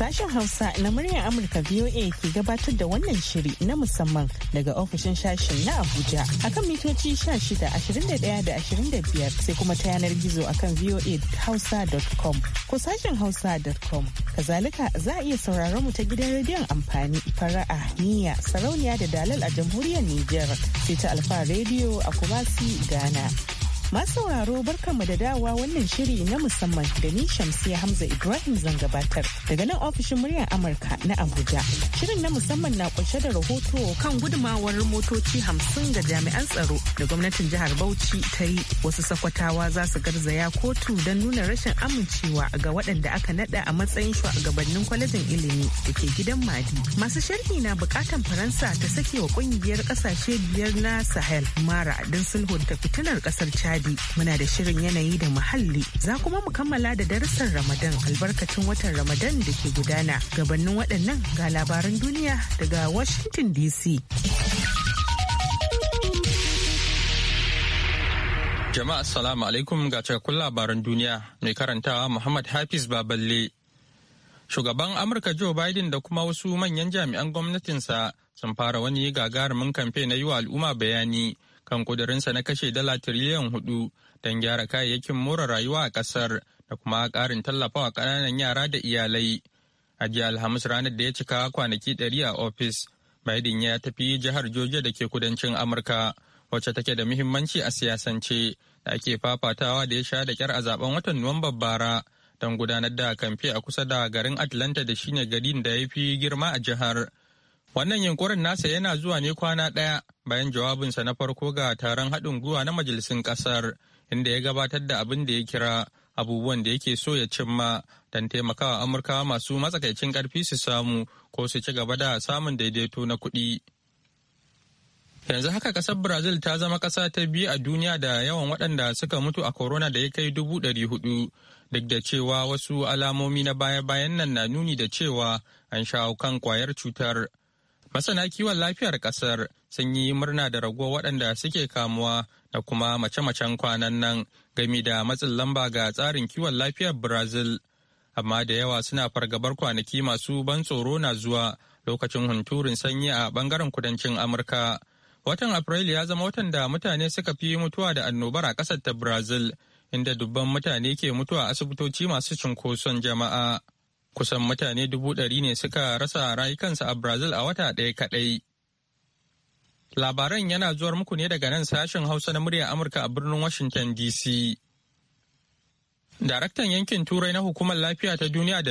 Sashen Hausa na muryar Amurka VOA ke gabatar da wannan shiri na musamman daga ofishin sashen na Abuja akan mitoci 16, da 25 sai kuma ta yanar gizo akan voahausa.com ko sashen hausa.com. Kazalika za a iya sauraron mu ta gidan rediyon amfani fara'a niyya sarauniya da dalal a jamhuriyar Nijar sai ta alfa rediyo a Kumasi Ghana. Masu sauraro mu da dawa wannan shiri na musamman da ni Shamsiya Hamza Ibrahim zan gabatar daga nan ofishin muryar Amurka na Abuja. Shirin na musamman na kunshe da rahoto kan gudumawar motoci hamsin ga jami'an tsaro da gwamnatin jihar Bauchi ta yi wasu sakwatawa za su garzaya kotu don nuna rashin amincewa ga waɗanda aka naɗa a matsayin shugabannin kwalejin ilimi da ke gidan Madi. Masu sharhi na bukatan Faransa ta sake wa ƙungiyar ƙasashe biyar na Sahel mara don sulhunta fitinar ƙasar Chad Ladi muna da shirin yanayi da muhalli za kuma mu kammala da darussan Ramadan albarkacin watan Ramadan da ke gudana. Gabannin waɗannan ga labaran duniya daga Washington DC. Jama'a Assalamu alaikum ga cikakkun labaran duniya mai karantawa Muhammad Hafiz Baballe. Shugaban Amurka Joe Biden da kuma wasu manyan jami'an gwamnatinsa sun fara wani gagarumin kamfe na yi wa al'umma bayani kan kudurinsa na kashe dala tiriliyan hudu don gyara kayayyakin more rayuwa a kasar da kuma ƙarin tallafawa ƙananan yara da iyalai. A jiya Alhamis ranar da ya cika kwanaki ɗari a ofis, Biden ya tafi jihar Georgia da ke kudancin Amurka, wacce take da muhimmanci a siyasance da ake fafatawa da ya sha da kyar a zaben watan Nuwamban bara. don gudanar da kamfe a kusa da garin Atlanta da shine garin da ya fi girma a jihar Wannan yunkurin nasa yana zuwa ne kwana ɗaya bayan jawabinsa na farko ga taron haɗin gwiwa na majalisun ƙasar inda ya gabatar da abin da ya kira abubuwan da yake so ya cimma don taimakawa Amurkawa masu matsakaicin ƙarfi su samu ko su ci gaba da samun daidaito na kuɗi. Yanzu haka ƙasar Brazil ta zama ƙasa ta biyu a duniya da yawan waɗanda suka mutu a corona da ya kai dubu ɗari hudu duk da cewa wasu alamomi na baya-bayan nan na nuni da cewa an shawo kan kwayar cutar. Masana kiwon lafiyar ƙasar sun yi murna da raguwa waɗanda suke kamuwa da kuma mace-macen kwanan nan gami da matsin lamba ga tsarin kiwon lafiyar Brazil. Amma da yawa suna fargabar kwanaki masu ban tsoro na zuwa lokacin hunturin sanyi a ɓangaren kudancin Amurka. Watan Afrilu ya zama watan da mutane suka fi mutuwa da annobar a ƙasar ta Brazil, inda dubban mutane ke mutuwa a asibitoci masu cunkoson jama'a. Kusan mutane dubu ɗari ne suka rasa rayukansu a Brazil a wata ɗaya kaɗai. Labaran yana zuwar muku ne daga nan sashen Hausa na muryar Amurka a birnin Washington DC. Daraktan yankin Turai na Hukumar Lafiya ta Duniya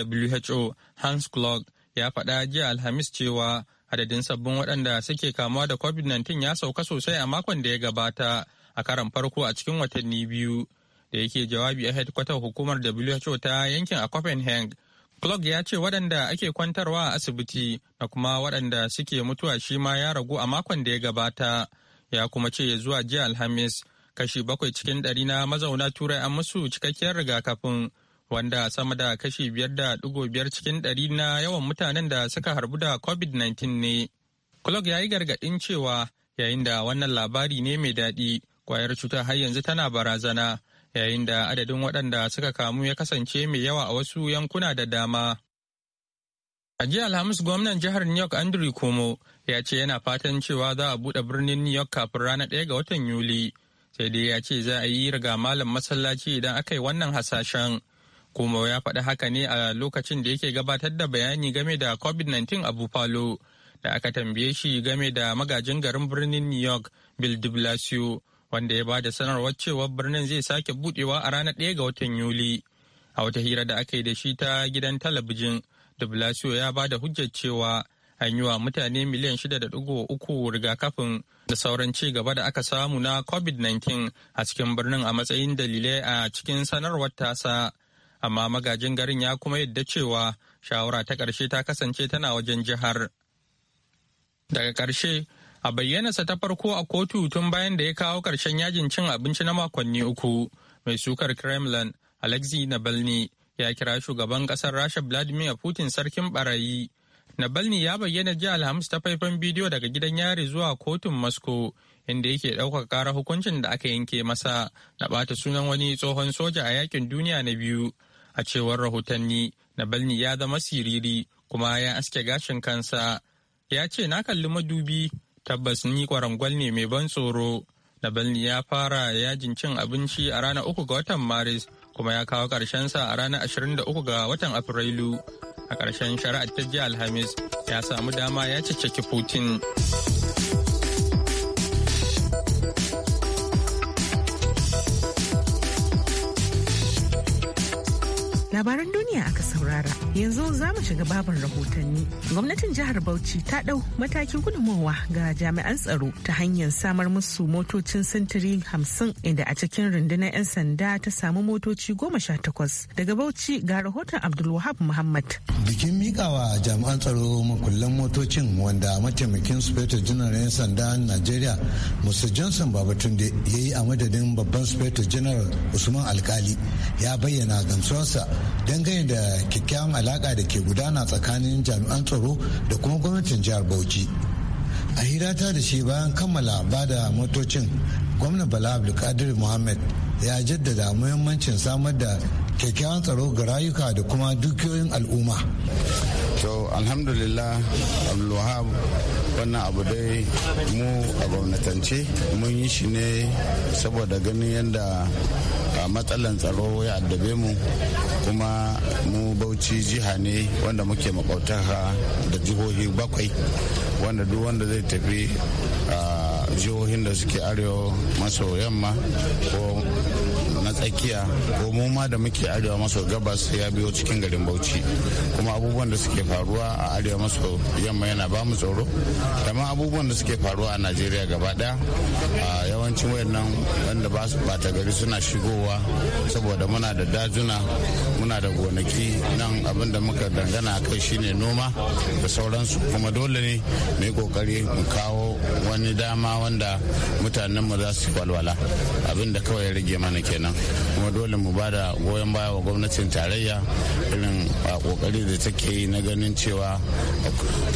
WHO, Hans Klug, ya faɗa jiya Alhamis cewa adadin sabbin waɗanda suke kamuwa da covid-19 ya sauka sosai a makon da ya gabata a karan farko a cikin watanni biyu da yake jawabi a hukumar who ta yankin a copenhagen Clark ya ce waɗanda ake kwantarwa a asibiti da kuma waɗanda suke mutuwa shi ma ya ragu a makon da ya gabata. Ya kuma ce ya zuwa jiya Alhamis kashi bakwai cikin ɗari na mazauna Turai an musu cikakkiyar rigakafin wanda sama da kashi biyar da ɗigo biyar cikin ɗari na yawan mutanen da suka harbu da COVID-19 ne. Clark ya yi gargaɗin cewa yayin da wannan labari ne mai daɗi kwayar cutar har yanzu tana barazana yayin da adadin waɗanda suka kamu ya kasance mai yawa a wasu yankuna da dama. A jiya Alhamis gwamnan jihar New York Andrew Cuomo ya ce yana fatan cewa za a buɗe birnin New York kafin ranar ɗaya ga watan Yuli, sai dai ya ce za a yi riga malam masallaci idan aka yi wannan hasashen. Cuomo ya faɗi haka ne a lokacin da yake gabatar da bayani game da COVID-19 a Buffalo, da aka tambaye shi game da magajin garin birnin New York, Bill de Blasio, wanda ya ba da sanarwar cewa birnin zai sake budewa a ranar ɗaya ga watan Yuli. A wata hira da aka yi da shi ta gidan talabijin, da Blasio ya ba da hujjar cewa an yi wa mutane miliyan 6.3 rigakafin da sauran ci gaba da aka samu na COVID-19 a cikin birnin a matsayin dalilai a cikin sanarwar tasa. Amma magajin garin ya kuma yadda cewa shawara ta ƙarshe ta kasance tana wajen jihar. Daga ƙarshe, a bayyanarsa ta farko a kotu tun bayan da ya kawo ƙarshen yajin cin abinci na makonni uku mai sukar kremlin alexei nabalny ya kira shugaban ƙasar rasha vladimir putin sarkin barayi nabalny ya bayyana jiya alhamis ta faifan bidiyo daga gidan yari zuwa kotun moscow inda yake ɗaukar ƙara hukuncin da aka yanke masa na ɓata sunan wani tsohon soja a yakin duniya na biyu a cewar rahotanni nabalny ya zama siriri kuma ya aske gashin kansa ya ce na kalli madubi tabbas ni kwarangwal ne mai ban tsoro balni ya fara yajin cin abinci a ranar uku ga watan maris kuma ya kawo sa a ranar 23 ga watan afrilu a ƙarshen shari'ar ta jiya alhamis ya samu dama ya cicciki putin labaran duniya aka saurara yanzu za mu shiga babin rahotanni gwamnatin jihar bauchi ta ɗau matakin gudunmowa ga jami'an tsaro ta hanyar samar musu motocin sintiri hamsin inda a cikin rundunar 'yan sanda ta samu motoci goma sha takwas daga bauchi ga rahoton abdulwahab muhammad bikin mikawa jami'an tsaro makullan motocin wanda mataimakin sufetar general 'yan sanda najeriya musa johnson babatunde ya yi a madadin babban sufetar general usman alkali ya bayyana gamsuwarsa dangane da kyakkyawan alaka da ke gudana tsakanin jami'an tsaro da kuma gwamnatin jihar bauchi a hirata da shi bayan kammala ba da motocin gwamna bala abdulkadir muhammad ya jaddada muhimmancin samar da kyakkyawan tsaro ga rayuka da kuma dukiyoyin al'umma to alhamdulillah abdulwahab wannan abu dai mu a gwamnatance mun yi shi ne saboda ganin yadda matsalan tsaro ya addabe mu kuma mu bauchi jiha ne wanda muke makautaka da jihohi bakwai wanda duk wanda zai tafi ah, jihohin da suke arewa maso yamma ko tsakiya gomo ma da muke arewa maso gabas ya biyo cikin garin bauchi kuma abubuwan da suke faruwa a arewa maso yamma yana ba mu tsoro amma abubuwan da suke faruwa a najeriya gaba daya yawancin wayannan wanda ba su bata gari suna shigowa saboda muna da dajuna muna da gonaki nan abin da muka dangana a kai shine noma da sauransu kuma dole ne mu yi kokari mu kawo wani dama wanda mutanenmu za su walwala abin da kawai ya rage mana kenan kuma dole mu ba da goyon baya wa gwamnatin tarayya irin a kokari da take yi na ganin cewa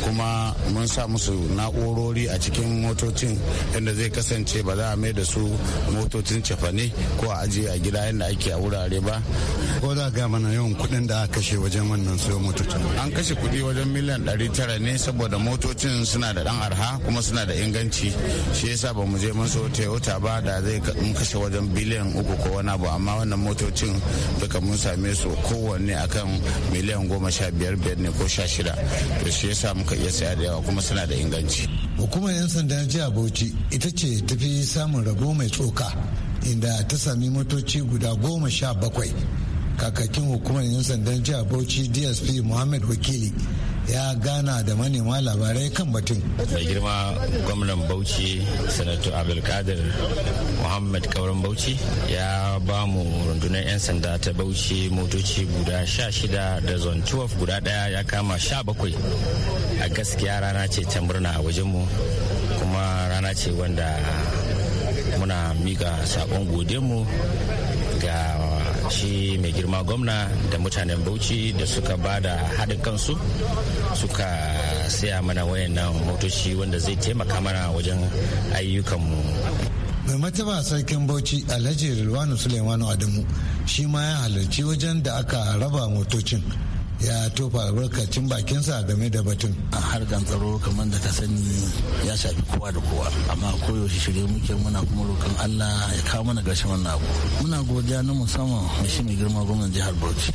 kuma mun sa musu na'urori a cikin motocin inda zai kasance ba za a mai da su motocin cefane ko a ajiye a gida yadda ake a wurare ba ko za ga mana yawan kuɗin da aka kashe wajen wannan sayo motocin an kashe kudi wajen miliyan 900 ne saboda motocin suna da dan arha kuma suna da inganci shi yasa ba mu je mun so toyota ba da zai kashe wajen biliyan uku ko wani abu abu amma wannan motocin duka mun same su kowanne akan miliyan goma sha biyar biyar ne ko sha shida to shi yasa muka iya saya da yawa kuma suna da inganci hukumar 'yan sandan jiya bauchi ita ce tafi samun rabo mai tsoka inda ta sami motoci guda goma sha bakwai kakakin hukumar 'yan sandan jiya bauchi dsp muhammad wakili ya gana da manema labarai kan batun. Mai girma gwamnan Bauchi Sanato Abdulkadir Muhammad Kauran Bauchi ya ba mu rundunar 'yan sanda ta Bauchi motoci guda sha shida da zon 12 guda daya ya kama sha bakwai a gaskiya rana ce ta murna a wajenmu kuma rana ce wanda muna mika sakon mu ga shi mai girma gwamna da mutanen bauchi da suka ba da haɗin kansu suka siya mana wayannan motoci wanda zai taimaka mana wajen ayyukanmu mai mataba sarkin bauchi alhaji rilwanu suleimanu adamu shi ma ya halarci wajen da aka raba motocin ya tofa albarkacin bakinsa game da batun a harkar tsaro kamar da ka sani ya shafi kowa da kowa amma koyaushe shirye muke muna kuma roƙon allah ya kawo mana gashin wannan abu muna godiya na musamman mai shi mai girma gwamnan jihar bauchi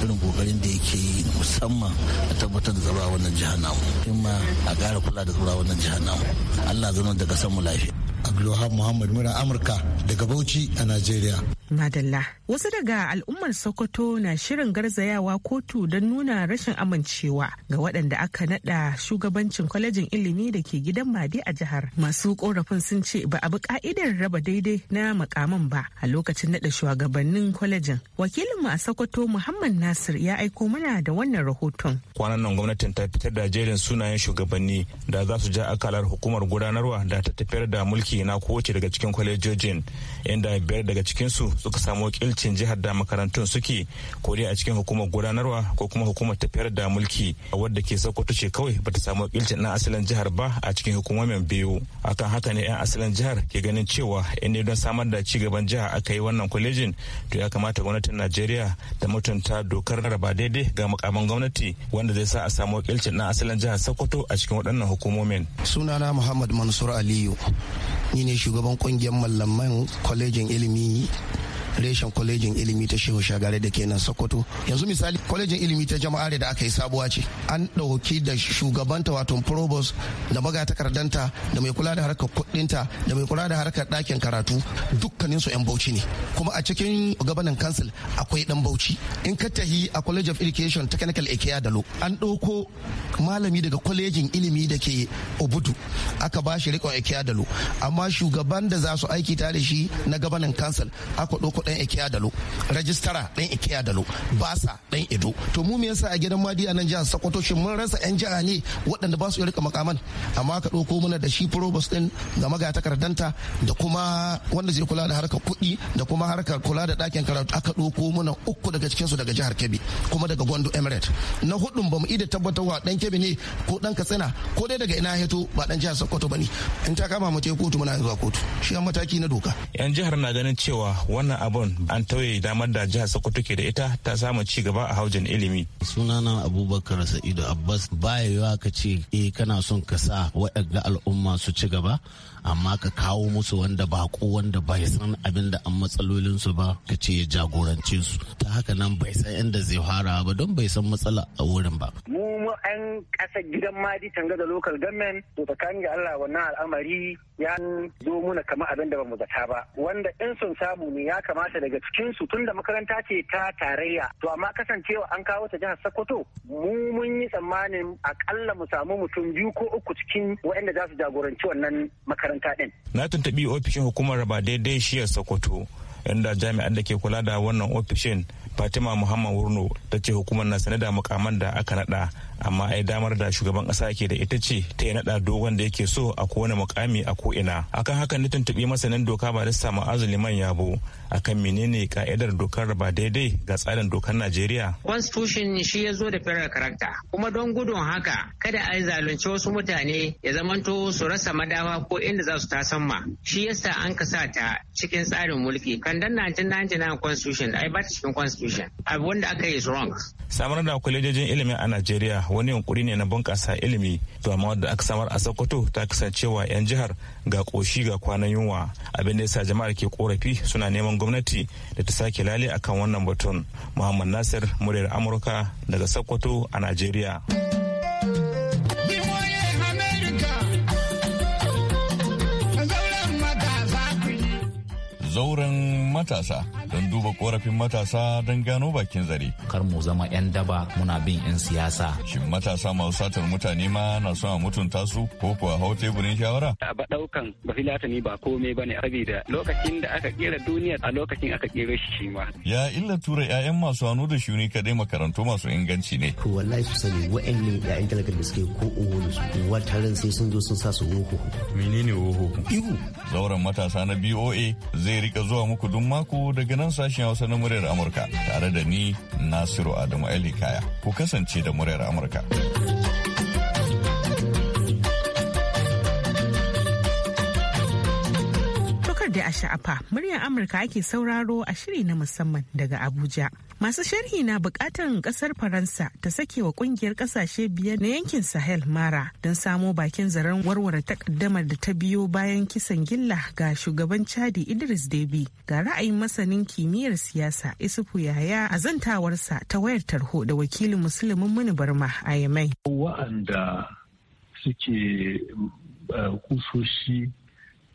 irin kokarin da yake yi musamman a tabbatar da tsaro a wannan jihar namu in ma a ƙara kula da tsaro a wannan jihar namu allah zama da kasan mu lafiya abdulwahab muhammad muna amurka daga bauchi a najeriya Madalla. Wasu daga al'ummar Sokoto na shirin garzayawa kotu don nuna rashin amincewa ga waɗanda aka naɗa shugabancin kwalejin ilimi da ke gidan Madi a jihar. Masu korafin sun ce ba a bi ka'idar raba daidai na makaman ba a lokacin naɗa shugabannin kwalejin. Wakilinmu a Sokoto Muhammad Nasir ya aiko mana da wannan rahoton. Kwanan nan gwamnatin ta fitar da jerin sunayen shugabanni da za su ja akalar hukumar gudanarwa da ta tafiyar da mulki na kowace daga cikin kwalejojin inda biyar daga cikin su. suka samu wakilcin jihar da makarantun suke ko dai a cikin hukumar gudanarwa ko kuma hukumar tafiyar da mulki wadda ke sokoto ce kawai bata samu wakilcin na asalin jihar ba a cikin hukumomin biyu akan haka ne yan asalin jihar ke ganin cewa in ne don samar da ci gaban jiha aka yi wannan kwalejin to ya kamata gwamnatin najeriya da mutunta dokar raba daidai ga mukamin gwamnati wanda zai sa a samu wakilcin na asalin jihar sokoto a cikin waɗannan hukumomin sunana muhammad mansur aliyu ni ne shugaban kungiyar mallaman kwalejin ilimi reshen kwalejin ilimi ta shehu shagare da kenan sokoto yanzu misali kwalejin ilimi ta jama'a da aka yi sabuwa ce an ɗauki da shugabanta wato probos da magatakardanta da mai kula da harkar kuɗinta da mai kula da harkar ɗakin karatu dukkanin su 'yan bauchi ne kuma a cikin gabanin kansil akwai ɗan bauchi in ka tahi a college of education technical ikea dalo an ɗauko malami daga kwalejin ilimi da ke obudu aka ba shi riƙon ikea dalo amma shugaban da za su aiki tare shi na gabanin council aka ɗauko dan ikiya dalo rajistara dan ikiya dalo basa dan ido to mu me yasa a gidan a nan jihar sokoto shin mun rasa yan jiha ne waɗanda ba su rika makaman amma ka ɗauko mana da shi probus din da takardanta da kuma wanda zai kula da harkar kuɗi da kuma harkar kula da ɗakin karatu aka ɗauko mana uku daga cikinsu daga jihar kebbi kuma daga gondo emirate na hudun ba mu ida tabbatarwa dan kebbi ne ko dan katsina ko dai daga ina heto ba dan jihar sokoto ba ne in ta kama mu je kotu muna zuwa kotu shi mataki na doka yan jihar na ganin cewa wannan abu gabon an tauye damar da jihar sokoto ke da ita ta samu ci gaba a haujin ilimi sunana abubakar sa'idu abbas baya yawa ka ce e kana son ka sa waɗanda al'umma su ci gaba amma ka kawo musu wanda ba ko wanda bai san abin da an matsalolin su ba ka ce ya jagorance su ta haka nan bai san inda zai fara ba don bai san matsala a wurin ba mu mu an ƙasa gidan madi tanga da local government to tsakanin ga Allah wannan al'amari ya zo muna kamar abin da bamu zata ba wanda in sun samu ne ya kamata kamata daga cikin su tunda makaranta ce ta tarayya to amma kasancewa an kawo ta jihar Sokoto mu mun yi tsammanin akalla mu samu mutum biyu ko uku cikin waɗanda za su jagoranci wannan makaranta din. Na tuntubi ofishin hukumar ba daidai shiyar Sokoto inda jami'an da ke kula da wannan ofishin Fatima Muhammad Wurno ta ce hukumar na sanada da mukaman da aka nada amma ai damar da shugaban kasa yake da ita ce ta yi nada dogon da yake so a kowane mukami a ko ina akan haka na tuntuɓi masanin doka ba barista ma'azu liman yabo akan menene ka'idar dokar ba daidai ga tsarin dokar najeriya constitution shi ya zo da federal character kuma don gudun haka kada a zalunci wasu mutane ya zamanto su rasa madawa ko inda za su tasamma shi yasa an kasa ta cikin tsarin mulki kandan 1999 constitution ai ba cikin constitution abu wanda aka yi is wrong samar da kwalejojin ilimin a najeriya wani yunkuri ne na bunƙasa ilimi to amma wadda aka samar a sokoto ta kasancewa 'yan jihar ga koshi ga kwanan yunwa abin da ya sa jama'ar ke korafi suna neman gwamnati da ta sake lale akan wannan batun muhammad nasir muryar amurka daga sokoto a najeriya zauren matasa don duba korafin matasa don gano bakin zare. Kar mu zama 'yan daba muna bin 'yan siyasa. Shin matasa masu satar mutane ma na son a mutunta su ko kuwa hau teburin shawara? A ba daukan ba filatani ba komai ba ne da lokacin da aka kera duniya a lokacin aka kera shi shi ma. Ya illa tura 'ya'yan masu hannu da shuni kadai makarantu masu inganci ne. To wallahi su sani wa'annan 'ya'yan talaka da suke ko uwanu su sai sun zo sun sa su woho. Menene wuhu. Ihu. Zauren matasa na BOA zai rika zuwa muku duk mako daga nan sashen Hausa na muryar Amurka tare da ni Nasiru Adamu Ali Kaya. Ku kasance da muryar Amurka. dai a sha'afa muryar Amurka ake sauraro a shiri na musamman daga Abuja. Masu sharhi na bukatar kasar Faransa ta sake wa kungiyar kasashe biyar na yankin Sahel Mara don samo bakin zaren warware takaddamar da ta biyo bayan kisan gilla ga shugaban Chadi Idris debi ga ra'ayin masanin kimiyyar siyasa Isufu Yahaya a zantawarsa ta wayar tarho da wakilin musulmin Muni Barma a Yamai. suke eh, kusoshi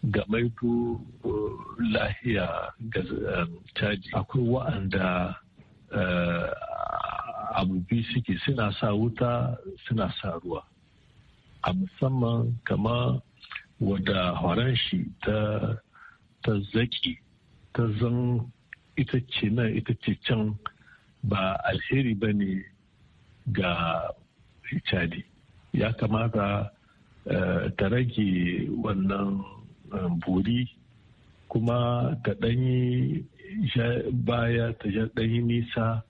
ga maibu uh, lahiya ga um, caji akwai wa'anda uh, abubi suke suna sa wuta suna sa ruwa a musamman kama wadda horon shi ta zaki ta zan ita ce nan ita ce can ba alheri ba ne ga cadi ya kamata uh, ta rage wannan bori kuma ta ɗanyi baya ta ɗanyi nisa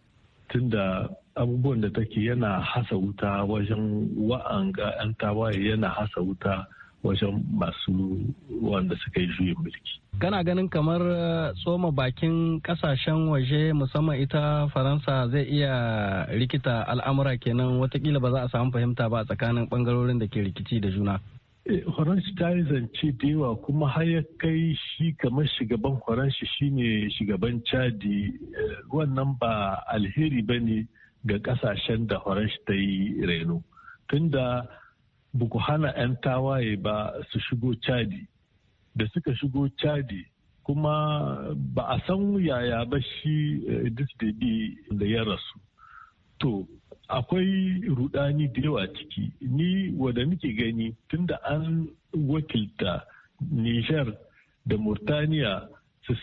tunda abubuwan da take yana hasa wuta wajen wa'anga 'yan tawaye yana hasa wuta wajen masu wanda suka yi juyin mulki. Kana ganin kamar uh, tsoma bakin kasashen waje musamman ita Faransa zai iya rikita al'amura kenan watakila ba za a samu fahimta ba tsakanin bangarorin da ke rikici da juna. Horanshi ta yi zance da yawa kuma har ya kai shi kamar shugaban shi shine shugaban Chadi wannan ba alheri ba ne ga kasashen da Horanshi ta yi reno. Tunda buku hana 'yan tawaye ba su shigo Chadi. Da suka shigo Chadi kuma ba a san yaya ba shi eh, disdidi da ya rasu. To akwai rudani da yawa ciki ni wadda nake gani tunda an wakilta niger da murtaniya su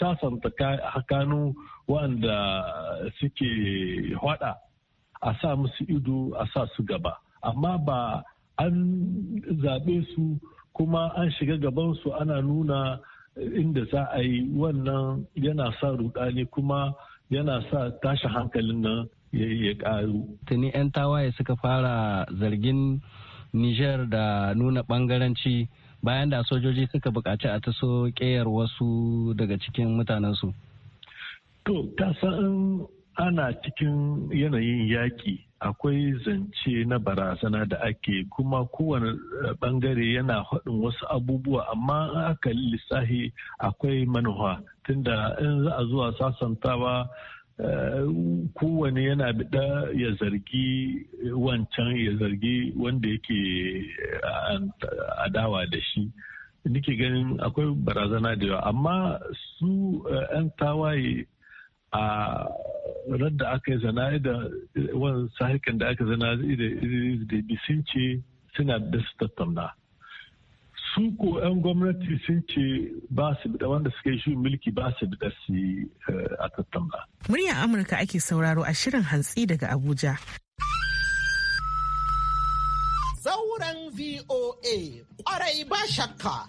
sasanta hakanu wanda suke hada a sa musu ido a sa su gaba amma ba an zaɓe su kuma an shiga gaban su ana nuna inda za a yi wannan yana sa rudani kuma yana sa tashi hankalin nan ya ƙaru. Tuni 'yan tawaye suka fara zargin Nijar da nuna ɓangaranci bayan da sojoji suka buƙaci a taso ƙeyar wasu daga cikin mutanensu. To, ta san ana cikin yanayin yaƙi akwai zance na barazana da ake kuma kowane bangare eh, yana haɗin wasu abubuwa amma aka lissahi akwai manuwa tunda in za a zuwa sasantawa kowane yana da ya zargi wancan ya zargi wanda yake adawa da shi nike ganin akwai barazana da yawa amma su 'yan tawaye a radda aka yi zana da wani sahikan da aka zana da sun ce suna da su tattauna su ko 'yan gwamnati sun ce ba su da wanda suka yi shirin mulki ba su da su a eh, a tattauna. Muryar Amurka ake sauraro a shirin hantsi daga Abuja. Sauran VOA, ƙwarai ba shakka.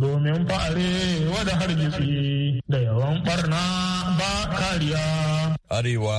domin fa'are wada hargitsi da yawan barna ba kariya. Arewa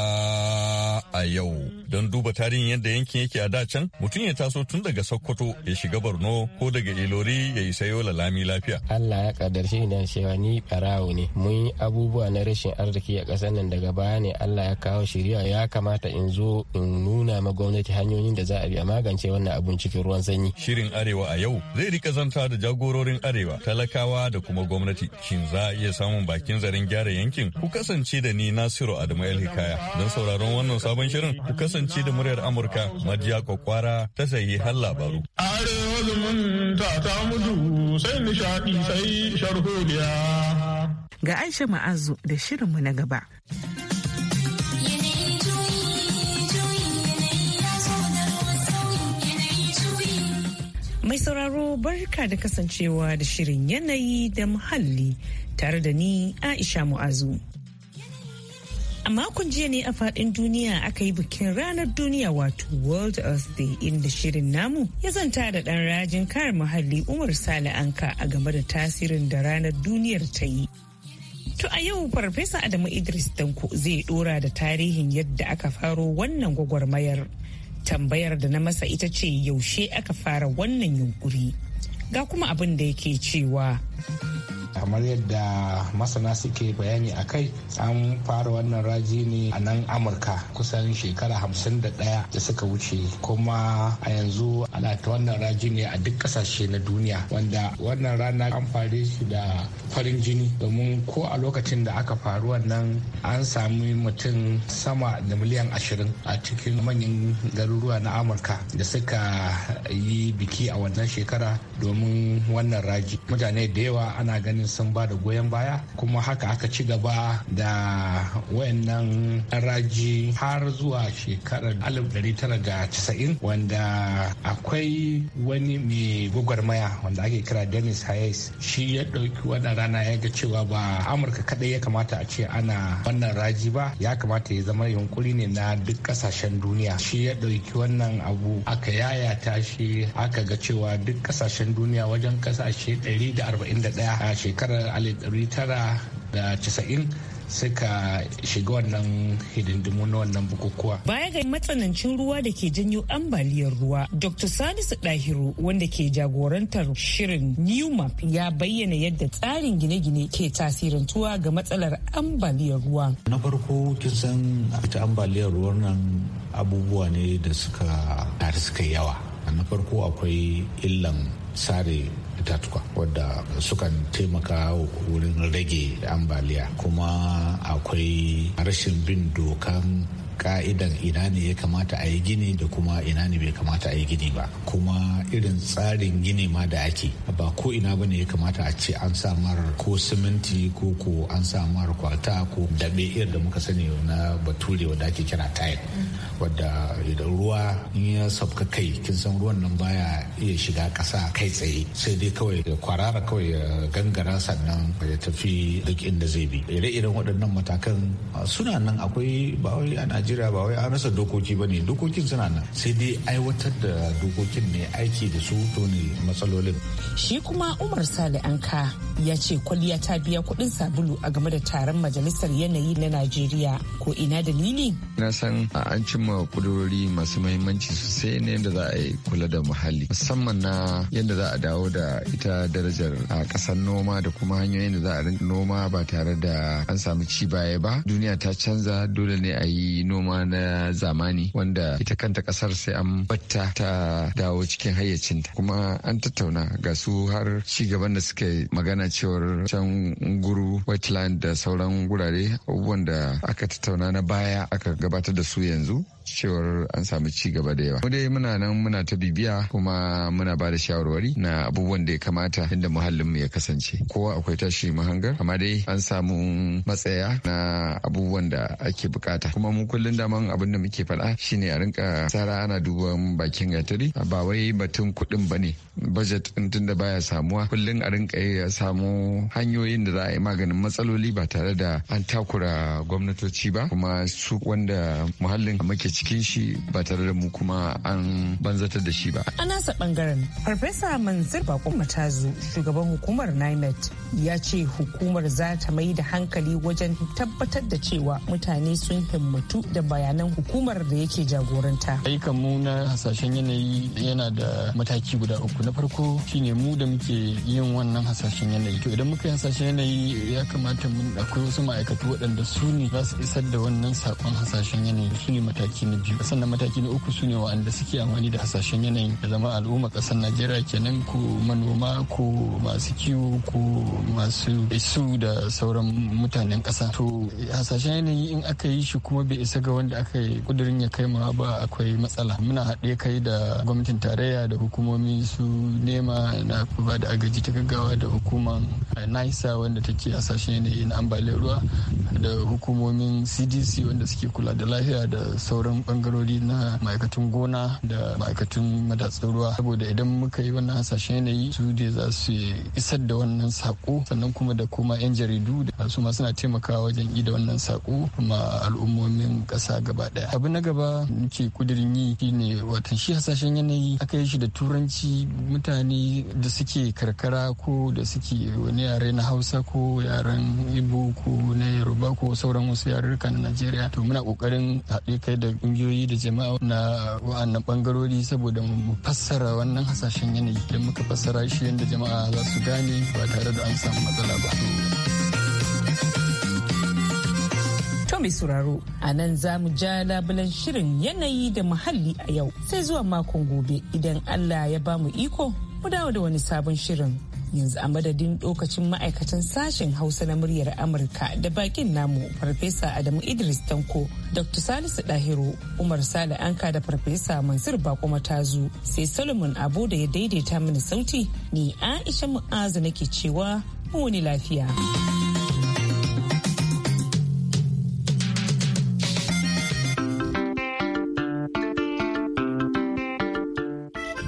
a yau. don duba tarihin yadda yankin yake a da can mutum ya taso tun daga sokoto ya shiga borno ko daga ilori ya isa yola lami lafiya allah ya kadarci da cewa ni barawo ne mun yi abubuwa na rashin arziki a ƙasar nan daga baya ne allah ya kawo shirya ya kamata in zo in nuna ma gwamnati hanyoyin da za a bi a magance wannan abun cikin ruwan sanyi shirin arewa a yau zai rika zanta da jagororin arewa talakawa da kuma gwamnati shin za a iya samun bakin zarin gyara yankin ku kasance da ni nasiru adamu el hikaya don sauraron wannan sabon shirin ku kasance kasance da muryar Amurka Majiya Kwakwara ta sayi har labaru. Arewa zumunta ta mutu sai nishaɗi sai sharholiya. Ga Aisha Ma'azu da shirinmu na gaba. Mai sauraro barka da kasancewa da shirin yanayi da muhalli tare da ni Aisha Mu'azu. A makon jiya ne a faɗin duniya aka yi bikin ranar duniya wato World Earth Day inda shirin namu ya zanta da ɗan rajin kare muhalli Umar Sale Anka a game da tasirin da ranar duniyar ta yi. To a yau Farfesa Adamu Idris Danko zai ɗora da tarihin yadda aka faro wannan gwagwarmayar. Tambayar da na masa ita ce yaushe aka fara wannan yunkuri. Ga kuma abin da yake cewa. kamar yadda masana suke bayani a kai an fara wannan raji ne a nan amurka kusan shekara hamsin da ɗaya da suka wuce kuma a yanzu ana ta wannan raji ne a duk kasashe na duniya wanda wannan rana an fare shi da farin jini domin ko a lokacin da aka faru wannan an sami mutum sama da miliyan ashirin a cikin manyan garuruwa na amurka da suka yi biki a wannan shekara domin wannan raji mutane da yawa ana ganin sojojin sun ba da goyon baya kuma haka aka ci gaba da wayannan raji har zuwa shekarar 1990 wanda akwai wani mai gwagwarmaya wanda ake kira dennis hayes shi ya ɗauki wannan rana ya ga cewa ba amurka kadai ya kamata a ce ana wannan raji ba ya kamata ya zama yunkuri ne na duk kasashen duniya shi ya ɗauki wannan abu aka yayata shi aka ga cewa duk kasashen duniya wajen kasashe 141 a shekarar 1990 suka shiga wannan hidindimu na wannan bukukuwa. Baya ga matsanancin ruwa da ke janyo ambaliyar ruwa, Dr. Salisu Dahiru wanda ke jagorantar shirin Map ya bayyana yadda tsarin gine-gine ke tasirantuwa ga matsalar ambaliyar ruwa. Na farko kin san ita ambaliyar ruwan nan abubuwa ne da suka tare suka yawa. Na farko akwai illan sare itatuka wadda sukan taimaka wurin rage ambaliya kuma akwai rashin bin dokan ka'idan ina ne ya kamata a yi gini da kuma ina ne bai kamata a yi gini ba kuma irin tsarin gini ma da ake ba ko ina bane ya kamata a ce an samar ko siminti ko ko an samar kwalta ko dabe irin da muka sani na bature wadda ake kira tile wadda idan ruwa ya sauka kai kin san ruwan nan baya iya shiga kasa kai tsaye sai dai kawai ya kwarara kawai ya gangara sannan ya tafi duk inda zai bi ire-iren waɗannan matakan suna nan akwai ba wai a najeriya ba wai an rasa dokoki ba ne dokokin suna nan sai dai aiwatar da dokokin ne aiki da su to ne matsalolin shi kuma umar sale anka ya ce kwalliya ta biya kuɗin sabulu a game da taron majalisar yanayi na najeriya ko ina dalili na san an cimma kudurori masu mahimmanci sosai ne yadda za a yi kula da muhalli musamman na yadda za a dawo da ita darajar a ƙasar noma da kuma hanyoyin da za a rinka noma ba tare da an samu ci baya ba duniya ta canza dole ne a yi noma na zamani wanda ita kanta kasar sai an batta ta dawo cikin hayyacinta kuma an tattauna ga su har ci gaban da suka magana cewar can guru whiteland da sauran gurare abubuwan da aka tattauna na baya aka gabatar da su yanzu cewar an samu ci gaba da yawa. Mu dai muna nan muna ta bibiya kuma muna ba da shawarwari na abubuwan da ya kamata inda muhallin mu ya kasance. Kowa akwai tashi mahangar amma dai an samu matsaya na abubuwan da ake bukata. Kuma mu kullum daman abin da muke faɗa shine a rinka tsara ana duban bakin gatari ba wai batun kuɗin ba ne. Budget ɗin tun baya samuwa kullum a rinka ya samu hanyoyin da za a yi maganin matsaloli ba tare da an takura gwamnatoci ba kuma su wanda muhallin muke ci cikin shi ba tare da mu kuma an banzatar da shi ba. A nasa bangaren, Farfesa Mansur Bako Matazu, shugaban hukumar NIMET, ya ce hukumar za ta mai da hankali wajen tabbatar da cewa mutane sun himmatu da bayanan hukumar da yake jagoranta. Ayyukan mu na hasashen yanayi yana da mataki guda uku. Na farko shine mu da muke yin wannan hasashen yanayi. To idan muka yi hasashen yanayi ya kamata mun akwai wasu ma'aikatu waɗanda su ne za su isar da wannan saƙon hasashen yanayi su ne mataki mataki na biyu sannan mataki na uku su ne wa'anda suke amfani da hasashen yanayin da zama al'umma ƙasar najeriya kenan ko manoma ko masu kiwo ko masu isu da sauran mutanen ƙasa to hasashen yanayi in aka yi shi kuma bai isa ga wanda aka yi kudirin ya kai ma ba akwai matsala muna haɗe kai da gwamnatin tarayya da hukumomi su nema na ba da agaji ta gaggawa da hukuman na'isa wanda take hasashen yanayi na ambaliyar ruwa da hukumomin cdc wanda suke kula da lafiya da sauran sauran bangarori na ma'aikatun gona da ma'aikatun madatsun ruwa saboda idan muka yi wannan hasashen yanayi su ne za su isar da wannan sako sannan kuma da kuma 'yan jaridu da su ma suna taimakawa wajen yi da wannan sako kuma al'ummomin ƙasa gaba ɗaya abu na gaba ke kudirin yi shine watan shi hasashen yanayi aka yi shi da turanci mutane da suke karkara ko da suke wani yare na hausa ko yaren ibo ko na yoruba ko sauran wasu yarurruka na najeriya to muna kokarin haɗe kai da kungiyoyi da jama'a na wa'annan bangarori saboda mu fassara wannan hasashen yanayi idan muka fassara shi yadda jama'a za su gane ba tare da an samu matsala ba. To mai sauraro a nan za mu ja labulan shirin yanayi da muhalli a yau sai zuwa makon gobe idan Allah ya ba mu iko mu dawo da wani sabon shirin. yanzu a madadin lokacin ma'aikatan sashen hausa na muryar amurka da bakin namu farfesa adamu idris tanko dr salisu dahiru umar sale anka da farfesa mansur bako matazu sai solomon abu da ya daidaita mini sauti ni aisha mu'azu nake cewa mu wani lafiya.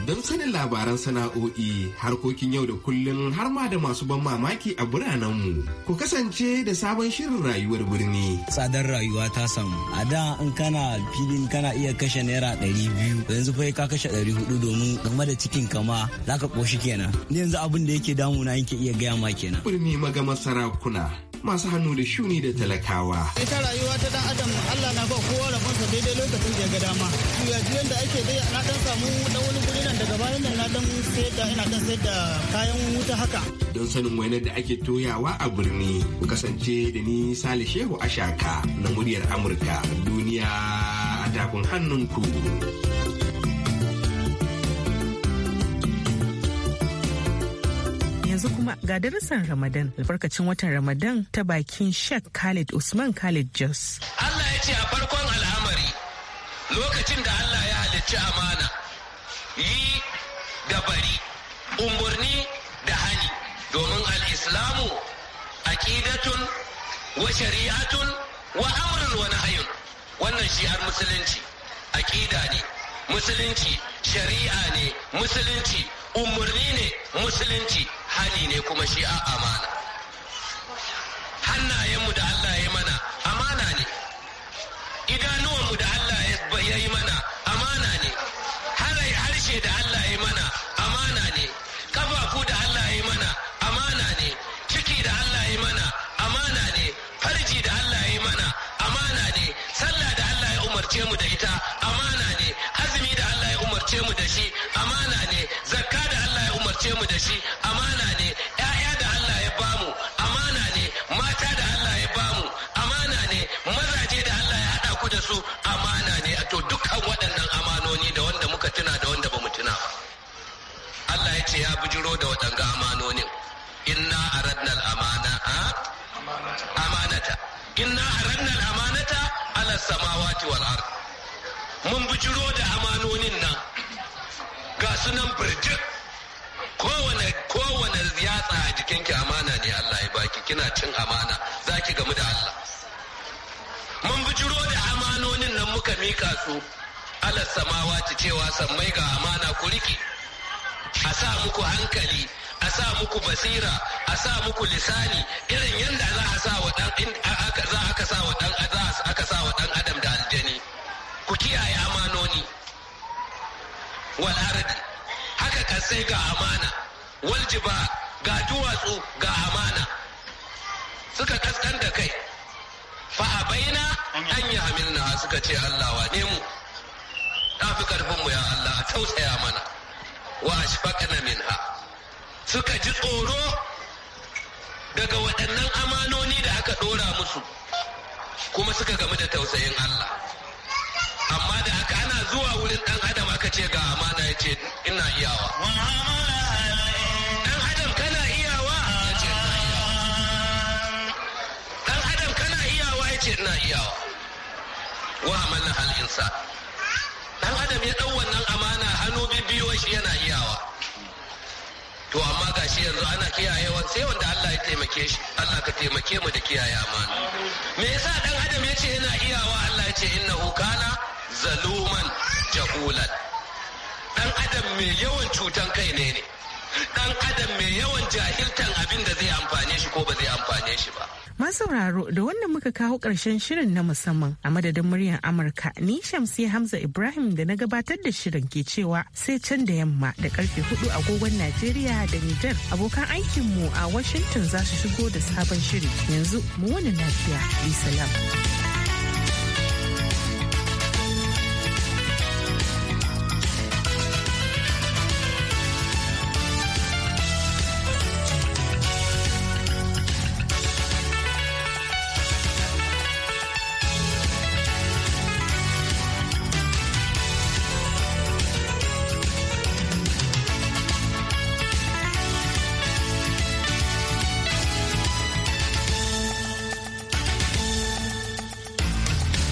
don sanin labaran sana'o'i harkokin yau da kullun har ma da masu ban mamaki a biranenmu. Ku kasance da sabon shirin rayuwar birni. Tsadar rayuwa ta samu. A da in kana filin kana iya kashe naira ɗari biyu yanzu fa ka kashe ɗari hudu domin game da cikin kama za ka ƙoshi kenan. Ni yanzu abin da yake damuna yake iya gaya ma kenan. Birni magama sarakuna. masu hannu da shuni da talakawa. Ita rayuwa ta dan adam Allah na ba kowa rabonsa daidai lokacin da ya ga dama. ya Juyajuyan da ake dai na dan samu da wani guri nan daga bayan nan na dan sayar da ina dan sayar da kayan wuta haka. Don sanin wainar da ake toyawa a birni ku kasance da ni Sale Shehu Ashaka na muryar Amurka duniya a tafin ku. yanzu kuma ga darasan Ramadan albarkacin watan Ramadan ta bakin Sheikh Khalid Usman Khalid Jos. Allah ya ce a farkon al'amari lokacin da Allah ya halicci amana yi da bari umarni da hani domin al'islamu aqidatun wa shari'atun wa amrun wa nahyun wannan shi har musulunci aqida ne musulunci shari'a ne musulunci umarni ne musulunci hali ne kuma shi a amana hannayenmu da allah ya mana amana ne idanuwanmu da allah ya yi mana amana ne harai harshe da allah ya mana amana ne kafafu da allah ya mana amana ne ciki da allah ya mana amana ne farji da allah ya mana amana ne sallah da allah ya umarce mu da ita amana umarce mu da shi amana ne zakka da Allah ya umarce mu da shi amana ne ƴaƴa da Allah ya bamu amana ne mata da Allah ya bamu amana ne mazaje da Allah ya haɗa ku da su kina cin amana za ki gamu da Allah mun bijiro da amanonin nan muka mika su alas samawa ci cewa sammai ga amana ku riki a sa muku hankali a sa muku basira a sa muku lisani irin yadda za a sa wa aka sa wa dan adam da aljani ku kiyaye amanoni wal ardi haka kasai ga amana waljiba jiba ga duwatsu ga amana suka kaskan da kai fa baina an yi hamilna suka ce Allah ne mu ta fi karfin mu ya Allah a tausaya mana wa shi min ha? suka ji tsoro daga waɗannan amanoni da aka ɗora musu kuma suka gamu da tausayin Allah amma da aka ana zuwa wurin ɗan adam aka ce ga amana ya ce ina iyawa ɗan adam kana ce ina iyawa wa amanna hal insa dan adam ya dau wannan amana hannu bibiyo shi yana iyawa to amma gashi yanzu ana kiyayewa sai wanda Allah ya taimake shi Allah ka taimake mu da kiyaye amana me yasa dan adam yace yana iyawa Allah ya ce innahu kana zaluman jahulan dan adam mai yawan cutan kai ne ne dan adam mai yawan jahiltan abin da zai amfane shi ko ba zai amfane shi ba sauraro da wannan muka kawo ƙarshen shirin na musamman a madadin muryar Amurka ni Shamsi Hamza Ibrahim da na gabatar da shirin ke cewa sai can da yamma da karfe hudu agogon Najeriya da Nijar abokan aikinmu a Washington za su shigo da sabon shiri yanzu mu wani lafiya. Bisalam.